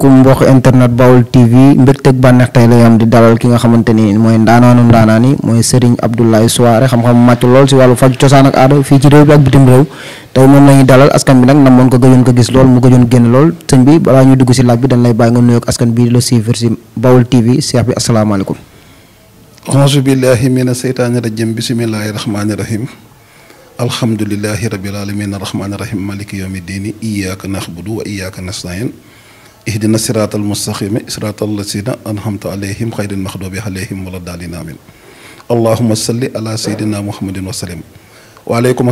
asalaamaaleykum mbokk internet Baol TV mbégteeg bànneex tey lay am di dalal ki nga xamante ni mooy ndaanaanu ndaanaan yi mooy Serigne Abdoulaye Souaré xam-xam màcc lool si wàllu faj cosaan ak aada fii ci réew bi ak bitim réew tey moom la ñuy dalal askan bi nag namoon ko gëjoon ko gis lool mu gëjoon génn lool sëñ bi balaa ñuy dugg si laaj bi dañ lay bàyyi nga nuyoog askan bi la suivre si Baol TV Cheikh bi asalaamaaleykum. auzu billahi mina seytaani rajim bismillahi rahmaani rahim. alhamdulilahi rabil alamin arrahmaani rahim maliki yawmi diini iyaaka naxbudu wa iyaaka ihdina siraatal mustaqima siraatal lazina anhamta alayhim xayril maxdubi alayhim wala daalin amin allahuma salli ala sayyidina muhammadin wa sallim waaleykum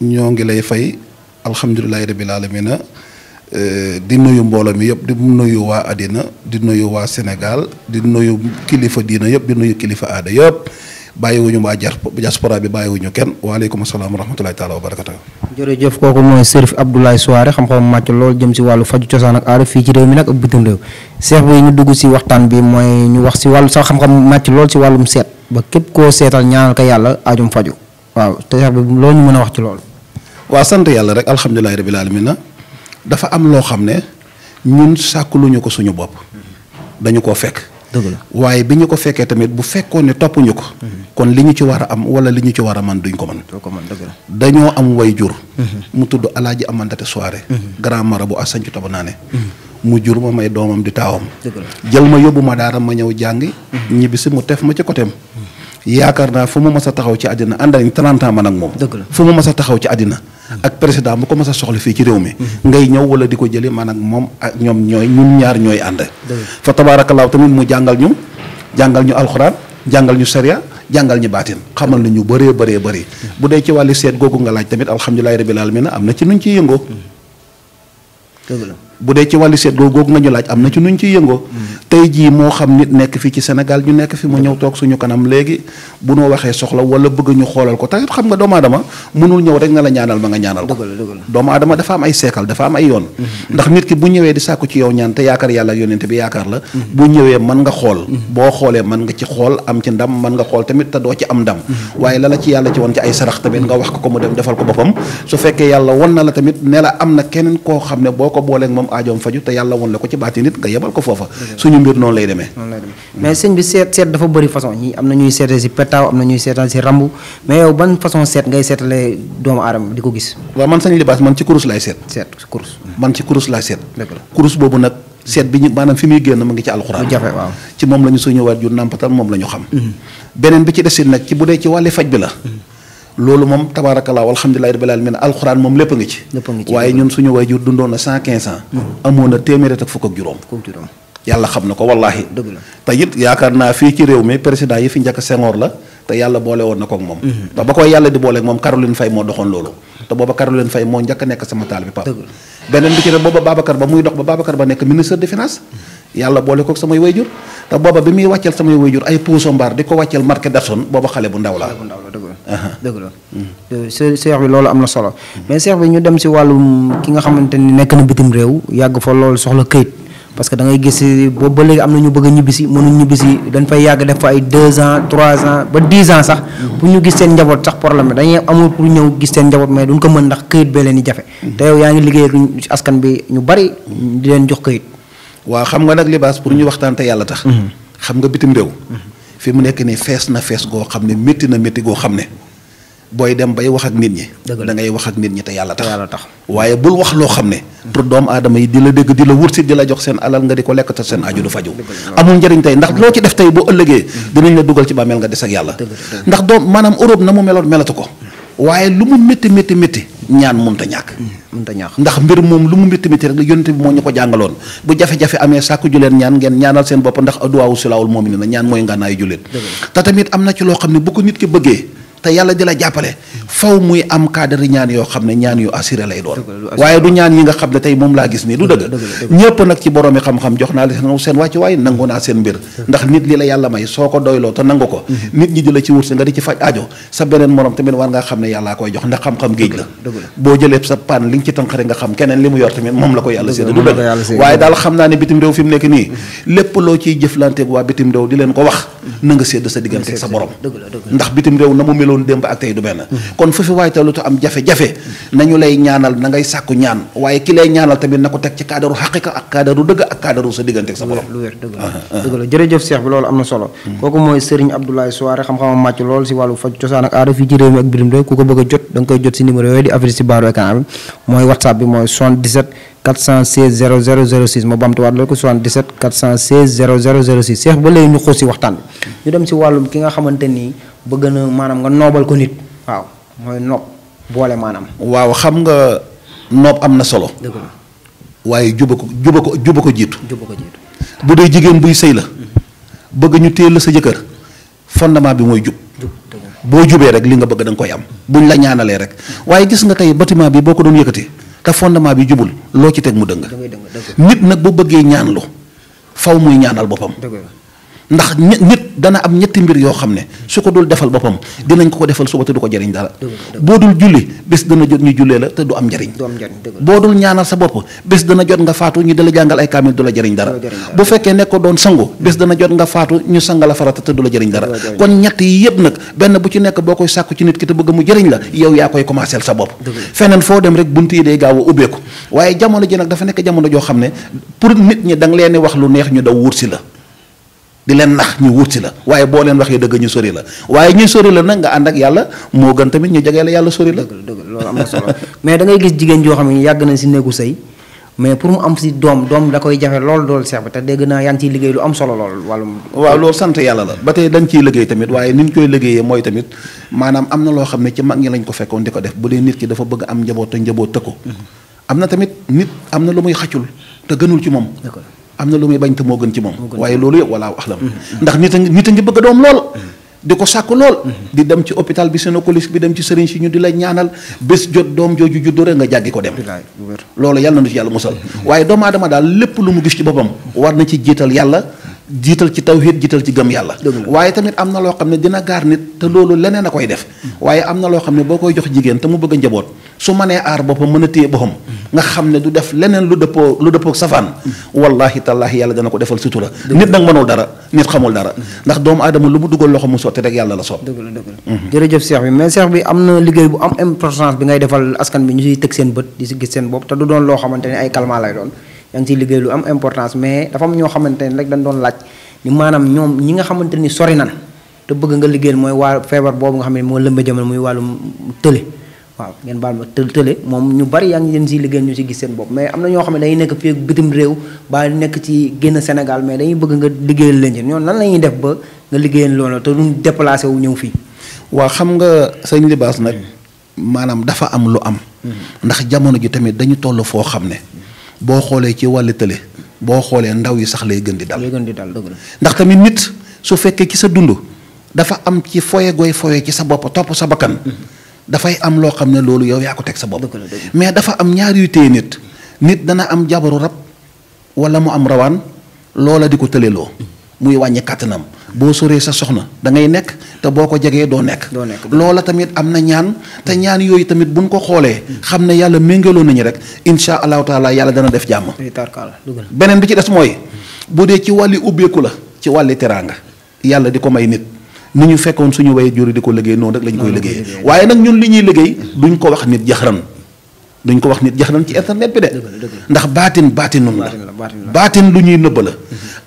ñoo ngi lay fay alhamdulilahi rabil alamina eh, di nuyu mbooloo mi yëpp di nuyu waa àddina di nuyu waa Sénégal di nuyu kilifa diina yëpp di nuyu kilifa aada yëpp bàyyiwuñu jar waa diaspora bi bàyyiwuñu kenn waaleykum asalaam wa rahmatulahi taala wa barakatu jërëjëf kooku mooy Serif Abdoulaye Souare xam-xam màcc lool jëm si wàllu faju cosaan fii ci réew mi nag ak bitim réew seex ñu dugg si waxtaan bi mooy ñu wax si wàllu sax xam-xam màcc lool si wàllum seet ba képp koo seetal ñaanal ko yàlla ajum faju waaw te seex bi loolu ñu mën a wax ci loolu waa sant yàlla rek alhamdulilahi rabil alamina dafa am loo xam ne ñun sàkk luñu ko suñu bopp dañu koo fekk waaye bi ñu ko fekkee tamit bu fekkoon ne toppuñu ko kon li ñu ci war a am wala li ñu ci war a man duñ ko man dañoo am way jur mhm. mu tudd alaaji amandate soirée mhm. grand marabu a sancu tabanaane mhm. mu jur ma may doomam di taawam jël ma yóbbu ma daara ma ñëw jàngi ñibbisi mu tef ma ci côtéem yaakaar naa fu ma mas a taxaw ci àddina ànd nañ 30 ans man ak moom. dëgg la fu ma mas a taxaw ci àddina. ak président bu ko mas soxla fii ci réew mi. Mm-hmm. ngay ñëw wala di ko jëlee man ak moom ñoom ñooy ñun ñaar ñooy ànd. fa tabaarakallaahu tamit mu jàngal ñu jàngal ñu alxuraan jàngal ñu sariya jàngal ñu baatin xamal nañu bëree bëree bëri mm-hmm. bu dee ci wàllu seet googu nga laaj tamit alhamdulilah rabil aalamiina am na ci nuñ ciy yëngoo. Mm-hmm. bu dee ci wàllu seet googu nga ñu laaj am na ci nuñ ciy yëngoo. Mm. tey jii moo xam nit nekk fii ci Sénégal ñu nekk fi mu ñëw toog suñu kanam léegi bu noo waxee soxla wala bëgg ñu xoolal ko tamit xam nga doomu aadama mënul ñëw rek na la ñaanal ma nga ñaanal ko. doomu aadama dafa am ay seekal dafa am ay yoon. Mm-hmm. Mm-hmm. ndax nit ki bu ñëwee di sàkku ci yow ñaan te yaakaar yàlla ak bi yaakaar la. Mm-hmm. bu ñëwee mën nga xool. boo xoolee mën nga ci xool am ci ndam man nga xo tamit te doo ci am ndam. la la ci yàlla ci woon ci ay sarax ko ko mu ko boppam su fekkee ko booleeg moom man sañ libaas man ci kurus laay seet kurus man ci kurus laay seet kurus boobu nag seet bi ñu maanaam fi muy génn mu ngi ci alxuraan ci moom la ñu suñu waajur nàmpatal moom la xam hmm. beneen bi ci desit nag ci bu dee ci wàlli faj bi la hmm. loolu moom tabaarakallah walhamdulilah rabbil alamin alxuraan moom lépp a ngi ci. waaye ñun suñu waajur dundoon na cent quinze ans. Hmm. amoon na téeméer ak fukk ak juróom. yàlla xam na ko wallaahi. te it yaakaar naa fii ci réew mi président yi fi njëkk Senghor la te yàlla boole woon na koog moom. Hmm. te ba koy yàlla di booleeg moom Caroline Faye moo doxoon loolu. te booba Caroline Faye moo njëkk nekk sama taal bi Pape. beneen bi ci ne booba Babacar ba muy dox yàlla boole kook samay jur te booba bi muy wàcceel samay wayjur ay puuso mbaar di ko wàcceel marqué Datson booba xale bu ndaw la dëgg la mm. euh, seex bi loolu am na solo mais seex bi ñu dem si wàllu ki nga xamante ni nekk na bitim réew yàgg fa loolu soxla këyit parce que da ngay gis boobu ba léegi am na ñu bëgg a ñibbisi mënuñ ñibbisi dañ fay yàgg def fa ay deux ans trois ans ba dix ans sax mm. pour ñu gis seen njaboot sax problème dañuy amul pour ñëw gis seen njaboot mais duñ ko mën ndax këyit bee leen di jafe mm. te yow yaa ngi liggéey ak askan bi ñu bari di leen jox këyit waaw xam nga nag libaas pour ñu waxtaan te yàlla tax. Mhm. xam nga bitim réew. Mhm. fi mu nekk nii fees na fees goo xam ne métti na métti goo xam ne booy dem bay wax ak nit ñi. da ngay wax ak nit ñi te yàlla tax. yàlla tax waaye bul wax loo xam ne. Mhm. pour doomu adama yi di la dëgg di la wursi di la jox seen alal nga di ko lekk seen aju du faju amul njëriñ tey ndax loo ci def tey boo ëllëgee. dinañ la dugal ci bàmmeel nga des ak yàlla. ndax doom maanaam Europe na mu meloon melatu ko. waaye lu mu métti métti métti ñaan mënut ñàkk. mënta ñaax ndax mbir moom lu mu métti métti rek yonent moo ñu ko jàngaloon bu jafe-jafe amee sàkk ju ñaan ngeen ñaanal seen bopp ndax adduwaawu silaawul moom ni na ñaan mooy ngànnaayu jullit te tamit am na ci loo xam ne bu ko nit ki bëggee te yàlla di la jàppale faw muy am cadre ñaan yoo xam ne ñaan yu assuré lay doon waaye du ñaan yi nga xam ne tey moom laa gis nii du dëgg ñëpp nag ci boroomi xam-xam jox naa la seen wàccu waay nangu naa seen mbir ndax nit li la yàlla may soo ko doyloo te nangu ko mm-hmm. nit ñi di la ci wursi nga di ci faj aajo sa beneen morom tamit war ngaa xam ne yàllaa koy jox ndax xam-xam géej la boo jëlee sa paan li nga xam keneen li mu yor tamit moom la ko yàlla sédd mm-hmm. mm-hmm. na nga sédd sa sa borom ndax meloon démb ak tey du benn kon foofu waaye tamit na ko teg ci kaadaru xaqiqa ak kaadaru dëgg ak kaadaru sa diggante sa borom lu wér dëgg la dëgg la jërëjëf bi loolu am na solo kooku mooy Serigne Abdoulaye Souare xam-xamam màcc lool si wàllu faj cosaan ak aada fii ci mi ak bitim réew ku ko bëgg jot da koy jot si numéro yooyu di affiché si baaru écran mooy whatsapp bi mooy 77 416 0006 ma bamtuwaat loolu ko 77 416 0006 Cheikh ba léegi ñu bëgg na maanaam nga noobal ko nit waaw mooy noob boole maanaam. waaw xam nga noob am na solo. waaye juba ko juba ko juba ko jiitu. juba ko bu dee jigéen buy sëy la. bëgg ñu téel la sa jëkkër fondement bi mooy jub. boo jubee rek li nga bëgg da koy am buñ la ñaanalee rek waaye gis nga tey bâtiment bi boo ko doon yëkkati te fondement bi jubul loo ci teg mu dëng nit nag bu bëggee ñaanlu faw muy ñaanal boppam ndax nit dana am ñetti mbir yoo xam ne su ko dul defal boppam dinañ ko ko defal suba te du ko jariñ dara boo dul julli bés dana jot ñu jullee la te du am njariñ boo dul ñaanal sa bopp bés dana jot nga faatu ñu dala jàngal ay kaamil du la jariñ dara bu fekkee ne ko doon sangu bés dana jot nga faatu ñu sanga la farata te du la jariñ dara kon ñett yi yëpp nag benn bu ci nekk boo koy sàkku ci nit ki te bëgg mu jëriñ la yow yaa koy commencer sa bopp feneen foo dem rek bunt yi day gaaw a ubbeeku waaye jamono ji nag dafa nekk jamono joo xam ne pour nit ñi da nga leen wax lu neex ñu daw wursi la di leen nax ñu wuti la waaye boo leen waxee dëgg ñu sori la waaye ñu sori la nag nga ànd ak yàlla moo gën tamit ñu jege la yàlla sori la. dëgg dëgg loolu am na mais da ngay gis jigéen joo xam ne yàgg nañ si néegu sëy mais pour mu am si doom doom da koy jafe lool dool seex ba te dégg naa yaa ngi ciy liggéey lu am solo lool wàllum. waaw loolu sant yàlla la ba tey dañ ciy liggéey tamit waaye ni ñu koy liggéeyee mooy tamit maanaam am na loo xam ne ci mag ñi lañ ko fekkoon di ko def bu dee nit ki dafa bëgg am njaboot te njaboot ko mhm. am na tamit nit am na lu muy xacul te gënul ci moom am na lu muy bañ te moo gën ci moom waaye loolu yëpp walaa axlam mm-hmm. mm-hmm. ndax nit a nit a ngi bëgg doom lool mm-hmm. di ko sàkk lool di dem ci hôpital bi gynécologue bi dem ci sëriñ si ñu di la ñaanal bés jot doom jooju juddu rek nga jàggi ko dem loolu yàlla na nu ci yàlla musal waaye doomu aadama daal lépp lu mu gis ci boppam war na ci jiital yàlla jiital ci tawhid jiital ci gëm yàlla waaye tamit am na loo xam ne dina gaar nit te loolu leneen a koy def mm-hmm. waaye am na loo xam ne boo koy jox jigéen te mu bëgg njaboot su mënee aar boppam mën a téye boppam mm-hmm. nga xam ne du def leneen lu dëppoo lu dëppoo safaan mm-hmm. wallahi tallaahi yàlla dana ko defal sutura nit nag mënul dara nit xamul dara ndax doomu aadama lu mu dugal loxo mu sotti rek yàlla la soob dëgg la dëgg la jërëjëf Cheikh bi mais Cheikh bi am na liggéey bu am importance bi ngay defal askan bi ñu siy teg seen bët di si gis seen bopp te du doon loo xamante ne ay lay doon yaa ngi ciy liggéey lu am importance mais dafa am ñoo xamante ne rek dañ doon laaj ni maanaam ñoom ñi nga xamante ni sori nan te bëgg nga liggéeyal mooy waa feebar boobu nga xam ne moo lëmba jamono muy wàllum tële waaw ngeen baal ma tël tële moom ñu bari yaa ngi leen siy liggéeyal ñu si gis seen bopp mais am na ñoo xam ne dañuy nekk fii bitim réew ba nekk ci génn Sénégal mais dañuy bëgg nga liggéeyal leen ci ñoom nan ñuy def ba nga liggéeyal loolu te duñ déplacé wu ñëw fii waaw xam nga sëñ libaas nag hmm. maanaam dafa am lu am hmm. jamono ji tamit dañu toll foo xam ne boo xoolee ci wàll tële boo xoolee ndaw yi sax lay gën di dal. lay gën di dal ndax tamit nit su fekkee ci sa dund dafa am ci foye goy foye ci sa bopp topp sa bakkan dafay am loo xam ne loolu yow yaa ko teg sa bopp. mais dafa am ñaar yu nit. nit dana am jabaru rab wala mu am rawaan loola di ko tëleloo. muy wàññi kàttanam boo soree sa soxna da ngay nekk te boo ko jegee doo nekk loola tamit am na ñaan te ñaan yooyu tamit bu buñ ko xoolee xam ne yàlla méngaloo nañu rek insha allahu taala yàlla dana def jàmm beneen bi ci des mooy bu dee ci wàlli ubbeeku la ci wàlli teraanga yàlla di ko may nit ni ñu fekkoon su ñu way juri di ko liggéey noonu rek lañ koy liggéey waaye nag ñun li ñuy liggéey duñ ko wax nit jaxaran duñ ko wax nit jaxaran ci internet bi de ndax baatin baatinun la baatin lu ñuy nëbb la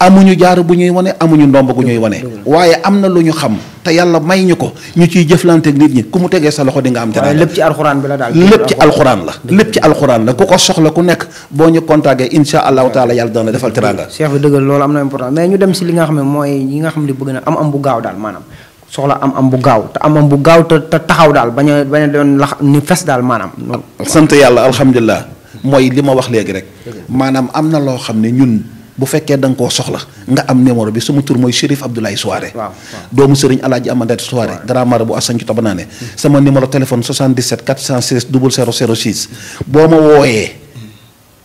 amuñu jaar bu ñuy wane amuñu ndomb gu ñuy wane. waaye am na lu ñu xam te yàlla may ñu ko ñu ciy jëflanteeg nit ñi ku mu tegee sa loxo di nga am. waaye lépp ci alxuraan bi la daal. lépp ci alxuraan la lépp ci alxuraan la ku ko soxla ku nekk boo ñu contacté incha allahu taala yàlla dana defal teraanga. Cheikh bi dëgg loolu am na important mais ñu dem si li nga xam ne mooy yi nga xam ne bëgg na am am bu gaaw daal maanaam soxla am am bu gaaw te am bu gaaw te te taxaw daal bañ a bañ a doon lax ni fes daal maanaam. sant yàlla alhamdulilah mooy li ma wax léegi rek maanaam am na loo xam ne ñun bu fekkee da nga koo soxla nga am numéro bi suma tur mooy Chérif Abdoulaye Souare doomu Serigne Alaaji Amadou Souare grand mar bu asan ci tabanaane hmm. sama numéro téléphone 77 416 0006 boo ma wooyee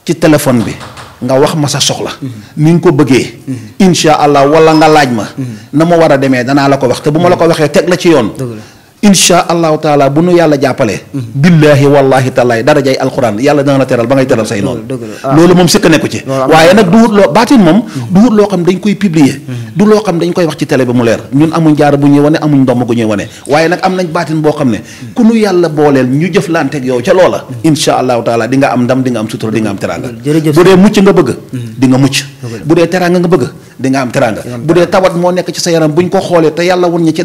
ci téléphone bi nga wax ma sa soxla hmm. ni nga ko bëggee hmm. insha allah wala nga laaj ma na ma war a demee danaa la ko wax te bu ma la ko waxee teg la ci yoon incha allahu taala bu nu yàlla jàppalee. billaahi wallaahi tallaay darajay alquran yàlla dana teral ba ngay teral say noonu. loolu moom sikk nekku ci. waaye nag du wut loo baatin moom. du wut loo xam dañ koy publier. du loo xam dañ koy wax ci télé bi mu leer ñun amuñ jaar bu ñuy wane amuñ ndomm gu ñuy wane waaye nag am nañ baatin boo xam ne. ku nu yàlla booleel ñu jëflanteeg yow ca loola. incha allahu taala di nga am ndam di nga am sutura di nga am teraanga. bu dee mucc nga bëgg. Mm-hmm. di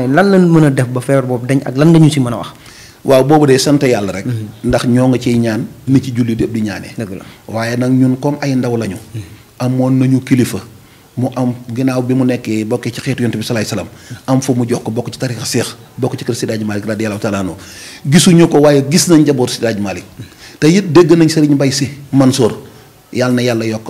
mais lan lañ mën a def ba feebar boobu dañ ak lan lañu si mën a wax. waaw boobu de sant yàlla rek. Mhm. ndax ñoo nga ciy ñaan ni ci jullit yëpp di ñaanee. la waaye nag ñun comme ay ndaw lañu. Mhm. amoon nañu kilifa. mu am ginnaaw bi mu nekkee bokkee ci xeetu yonent bi salaay salaam am fu mu jox ko bokk ci tarixa seex bokk ci kër Sidaaj Malick radiyallaahu taala anhu gisuñu ko waaye gis nañ njaboot Sidaaj malik mhm. te it dégg nañ Serigne Mbaye Sy Mansour yàlla na yàlla yokk.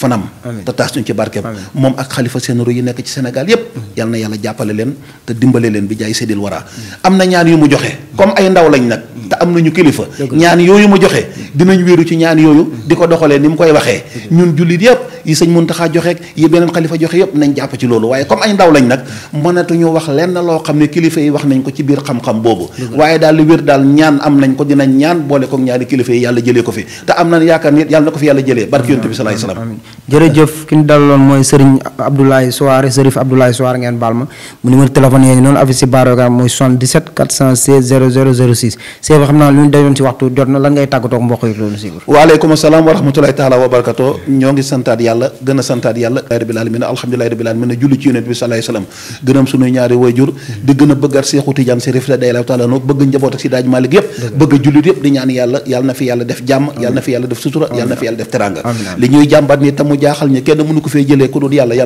fanam te taas ñu ci barkeem moom ak xalifa sénéro yi nekk ci Sénégal yépp yal na yàlla jàppale leen te dimbale leen bi jaay séddil waraa am na ñaan yu mu joxe comme ay ndaw lañ nag te am nañu kilifa ñaan yooyu mu joxe dinañ wéeru ci ñaan yooyu di ko doxalee ni mu koy waxee ñun jullit yépp yi sëñ Muntaxa joxeek yi beneen xalifa joxe yëpp nañ jàpp ci loolu waaye comme ay ndaw lañ nag mënatuñu wax lenn loo xam ne kilifa yi wax nañ ko ci biir xam-xam boobu waaye daal lu wér daal ñaan am nañ ko dinañ ñaan boole ko ñaari kilifa yi yàlla jëlee ko fi te am na yaakaar nit yàlla na ko fi yàlla jëlee barki yonent bi salaay salaam jërëjëf ki ñu dalaloon mooy sëriñ Abdoulaye Souare Sërif Abdoulaye Souare ngeen baal ma mu numéro téléphone yooyu wa yàlla gën a santaat yàlla rabbil alamin alhamdulillahi rabbil alamin julli ci yonent bi sallallahu alayhi wasallam gën am suñuy ñaari wayjur di gën a bëggaat Seexu Tijaan si rifla day la taala noog bëgg njaboot ak si daaj Maalik yëpp bëgg jullit yëpp di ñaan yàlla yàlla na fi yàlla def jàmm yàlla na fi yàlla def sutura yàlla yàlla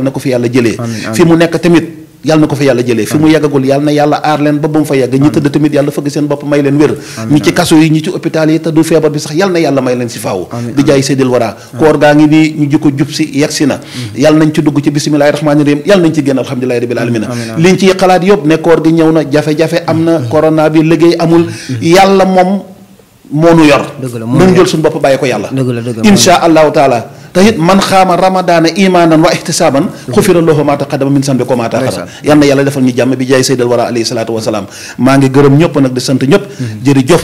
na ko fi yàlla jëlee fi mu nekk tamit yàlla na ko fa yàlla jëlee fi mu yàggagul yàlla na yàlla aar leen ba ba mu fa yàgg ñi tëdd tamit yàlla fëgg seen bopp may leen wér ñi ci kaso yi ñi ci hôpital yi te du feebar bi sax yàlla may leen si faaw di jaay séddil waraa koor gaa ngi nii ñu jikko jub si yegg si na mm-hmm. yàlla nañ ci dugg ci bismillahi rahmaani rahim yàlla nañ ci génn alhamdulillahi rabbil alamin liñ ciy xalaat yópp ne koor gi ñëw na jafe-jafe am na mm-hmm. corona bi liggéey amul mm-hmm. yàlla moom moo yor dëgg la moo jël suñu bopp bàyyi ko yàlla insha allahu taala te it man xaama ramadaana imaanan wa ihtisaaban xufira lahu maa taqaddama min sanbi ko maa taaxara yal yàlla defal ñu jàmm bi jaay saydal wara alayhi salaatu wasalaam maa ngi gërëm ñëpp nag di sant ñëpp mm-hmm. jërëjëf